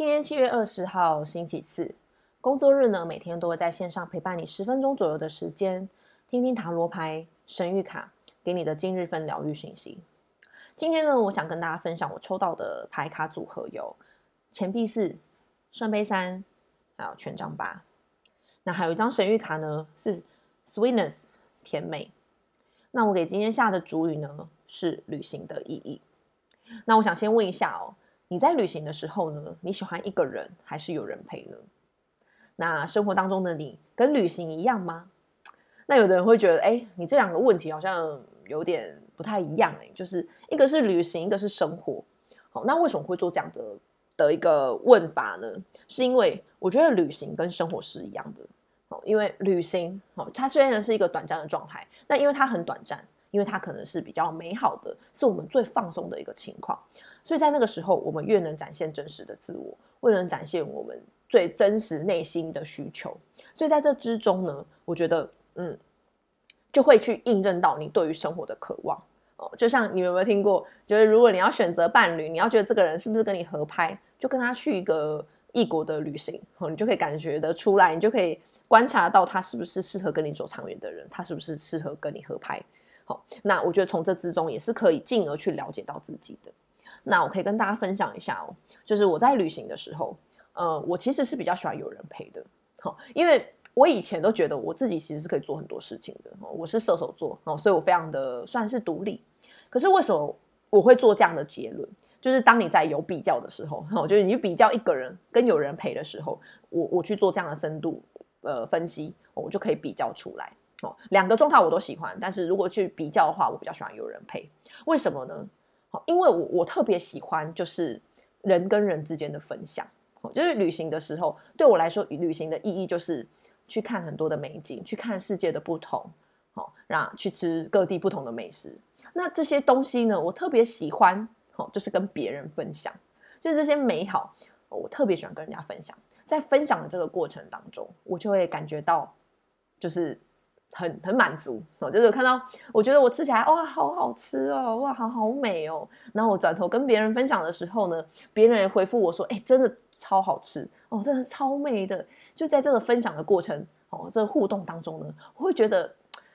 今天七月二十號，星期四，工作日呢，每天都會在線上陪伴你十分鐘左右的時間，聽聽塔羅牌、神諭卡給你的今日份療癒訊息。今天呢，我想跟大家分享我抽到的牌卡組合有：錢幣四、聖杯三，還有權杖八。那還有一張神諭卡呢，是 sweetness 甜美。那我給今天下的主語呢是旅行的意義。那我想先問一下哦。你在旅行的時候呢？你喜歡一個人還是有人陪呢？那生活當中的你跟旅行一樣嗎？那有的人會覺得，哎、欸，你這兩個問題好像有點不太一樣，欸，哎，就是一個是旅行，一個是生活。好，那為什麼會做這樣的的一個問法呢？是因為我覺得旅行跟生活是一樣的。好，因為旅行，它雖然是一個短暫的狀態，那因為它很短暫，因為它可能是比較美好的，是我們最放鬆的一個情況，所以在那個時候，我們越能展現真實的自我，越能展現我們最真實內心的需求，所以在這之中呢，我覺得，嗯，就會去印證到你對於生活的渴望哦。就像你有沒有聽過，就是如果你要選擇伴侶，你要覺得這個人是不是跟你合拍，就跟他去一個異國的旅行，哦，你就可以感覺得出來，你就可以觀察到他是不是適合跟你走長遠的人，他是不是適合跟你合拍。哦，那我覺得從這之中也是可以進而去了解到自己的。那我可以跟大家分享一下哦，就是我在旅行的時候，呃，我其實是比較喜歡有人陪的。哦，因為我以前都覺得我自己其實是可以做很多事情的。哦，我是射手座，哦，所以我非常的算是獨立。可是為什麼我會做這樣的結論？就是當你在有比較的時候，我，哦，就是你就比較一個人跟有人陪的時候，我我去做這樣的深度呃分析，哦，我就可以比較出來。兩個狀態我都喜歡，但是如果去比較的話，我比較喜歡有人陪。為什麼呢？哦，因為我我特別喜歡就是人跟人之間的分享。哦，就是旅行的時候，對我來說，旅行的意義就是去看很多的美景，去看世界的不同，好，那去吃各地不同的美食。那這些東西呢，我特別喜歡，哦，就是跟別人分享，就是這些美好，我特別喜歡跟人家分享。在分享的這個過程當中，我就會感覺到就是。很很滿足哦，就是看到我覺得我吃起來哇，好好吃哦，哇，好好美哦。然後我轉頭跟別人分享的時候呢，別人也回復我說，哎、欸，真的超好吃哦，真的是超美的。就在這個分享的過程哦，這個互動當中呢，我會覺得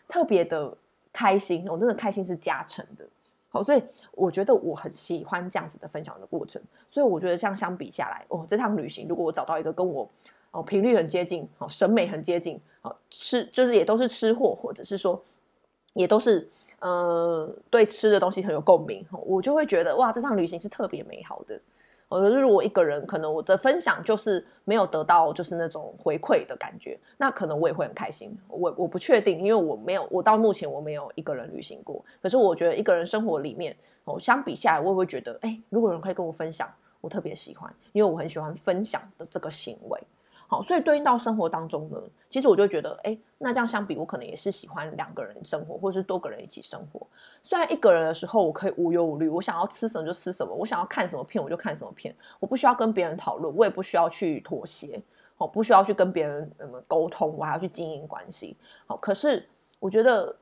特別的開心，我、哦、真的開心是加成的。好、哦，所以我覺得我很喜歡這樣子的分享的過程。所以我覺得像相比下來哦，這趟旅行如果我找到一個跟我。哦，頻率很接近，哦，審美很接近，哦，吃就是也都是吃貨，或者是說也都是嗯，對吃的東西很有共鳴，我就會覺得哇，這場旅行是特別美好的。哦，可是我一個人，可能我的分享就是沒有得到就是那種回饋的感覺，那可能我也會很開心。我我不確定，因為我沒有，我到目前我沒有一個人旅行過。可是我覺得一個人生活裡面，哦，相比下來，我會覺得哎，如果有人可以跟我分享，我特別喜歡，因為我很喜歡分享的這個行為。好，所以對應到生活當中呢，其實我就覺得，哎、欸，那這樣相比，我可能也是喜歡兩個人生活，或是多個人一起生活。雖然一個人的時候，我可以無憂無慮，我想要吃什麼就吃什麼，我想要看什麼片我就看什麼片，我不需要跟別人討論，我也不需要去妥協，哦，不需要去跟別人什麼溝通，我還要去經營關係。好，可是我覺得，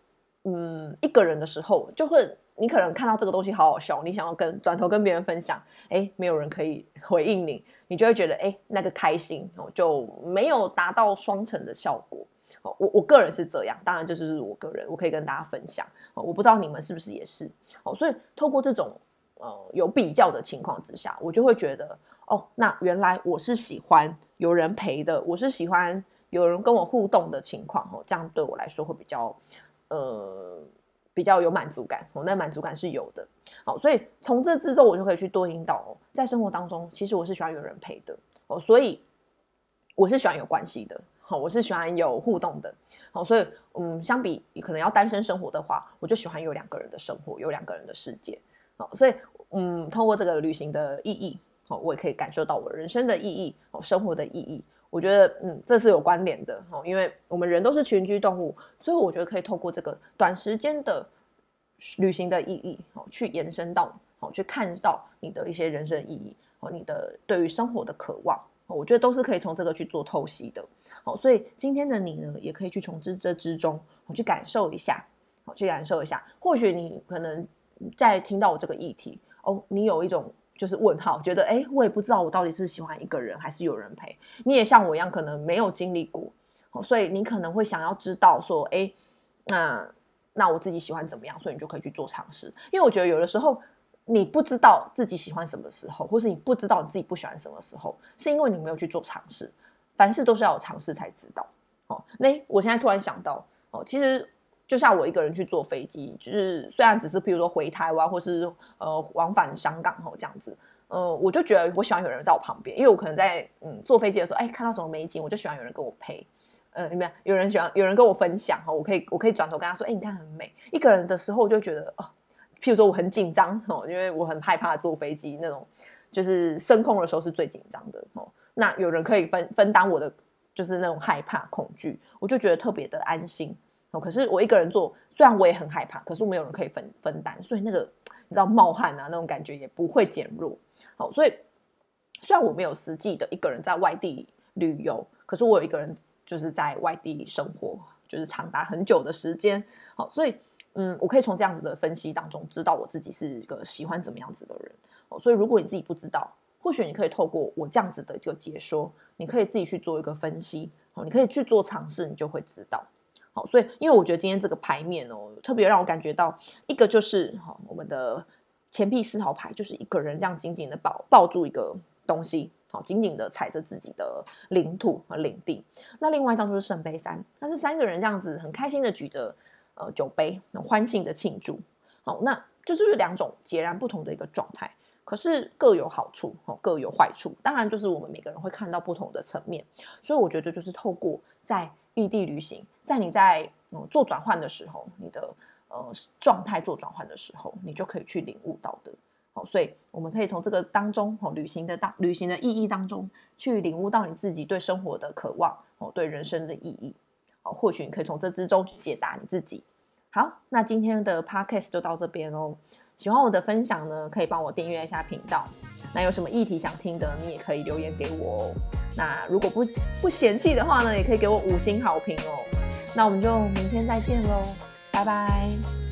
嗯，一個人的時候就會。你可能看到這個東西好好笑，你想要跟轉頭跟別人分享。誒，沒有人可以回應你，你就會覺得，誒，那個開心哦，就沒有達到雙層的效果，哦，我我個人是這樣，當然就是我個人我可以跟大家分享，哦，我不知道你們是不是也是哦。所以透過這種呃有比較的情況之下，我就會覺得哦，那原來我是喜歡有人陪的，我是喜歡有人跟我互動的情況哦，這樣對我來說會比較呃。比較有滿足感，我那滿足感是有的，好，所以從這之中，我就可以去多引導哦，在生活當中，其實我是喜歡有人陪的哦，所以我是喜歡有關係的，好，我是喜歡有互動的，好，所以嗯，相比可能要單身生活的話，我就喜歡有兩個人的生活，有兩個人的世界，好，所以嗯，通過這個旅行的意義，我也可以感受到我人生的意義，生活的意義。我覺得，嗯，這是有關聯的，哦，因為我們人都是群居動物，所以我覺得可以透過這個短時間的旅行的意義，哦，去延伸到，哦，去看到你的一些人生意義，哦，你的對於生活的渴望，哦，我覺得都是可以從這個去做透析的，哦，所以今天的你呢，也可以去從這這之中，哦，去感受一下，哦，去感受一下，或許你可能在聽到我這個議題，哦，你有一種。就是問號，覺得哎，我也不知道我到底是喜歡一個人還是有人陪。你也像我一樣，可能沒有經歷過，哦，所以你可能會想要知道說，哎，那那我自己喜歡怎麼樣？所以你就可以去做嘗試。因為我覺得有的時候你不知道自己喜歡什麼時候，或是你不知道你自己不喜歡什麼時候，是因為你沒有去做嘗試。凡事都是要有嘗試才知道。哦，那我現在突然想到，哦，其實。就像我一個人去坐飛機，就是雖然只是譬如說回台灣，或是呃往返香港哦。這樣子，呃，我就覺得我喜歡有人在我旁邊，因為我可能在嗯坐飛機的時候，哎、欸，看到什麼美景，我就喜歡有人跟我陪，嗯、呃，有沒有？有人喜歡有人跟我分享吼，我可以我可以轉頭跟他說，哎、欸，你看很美。一個人的時候，我就覺得哦、呃，譬如說我很緊張哦，因為我很害怕坐飛機那種，就是升空的時候是最緊張的哦。那有人可以分分擔我的就是那種害怕恐懼，我就覺得特別的安心。哦，可是我一個人做，雖然我也很害怕，可是我沒有人可以分分擔，所以那個你知道冒汗啊那種感覺也不會減弱。好，哦，所以雖然我沒有實際的一個人在外地旅遊，可是我有一個人就是在外地生活，就是長達很久的時間。好，哦，所以嗯，我可以從這樣子的分析當中知道我自己是一個喜歡怎麼樣子的人。哦，所以如果你自己不知道，或許你可以透過我這樣子的一個解說，你可以自己去做一個分析。哦，你可以去做嘗試，你就會知道。好，所以因為我覺得今天這個牌面哦，特別讓我感覺到一個就是哈，我們的錢幣四號牌就是一個人這樣緊緊的抱抱住一個東西，好，緊緊的踩着自己的領土和領地。那另外一張就是聖杯三，那是三個人這樣子很開心的舉着呃酒杯，嗯、歡慶的慶祝。好，那就是兩種截然不同的一個狀態，可是各有好處，好，各有壞處。當然就是我們每個人會看到不同的層面，所以我覺得就是透過在。異地旅行，在你在、嗯、做轉換的時候，你的呃狀態做轉換的時候，你就可以去領悟到的。好、哦，所以我們可以從這個當中，哦、旅行的當旅行的意義當中，去領悟到你自己對生活的渴望，哦，對人生的意義。哦，或許你可以從這之中去解答你自己。好，那今天的 Podcast 就到這邊哦。喜歡我的分享呢，可以幫我訂閱一下頻道。那有什麼議題想聽的，你也可以留言給我哦。那如果不不嫌棄的話呢，也可以給我五星好評哦。那我們就明天再見嘍，拜拜。